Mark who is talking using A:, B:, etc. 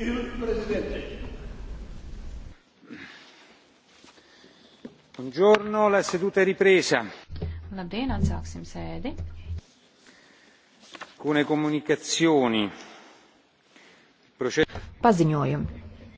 A: Il Presidente.
B: Buongiorno, la seduta è ripresa.
C: Labdien, atsāksim sēdi.
B: Alcune comunicazioni.
D: Paziņojumi.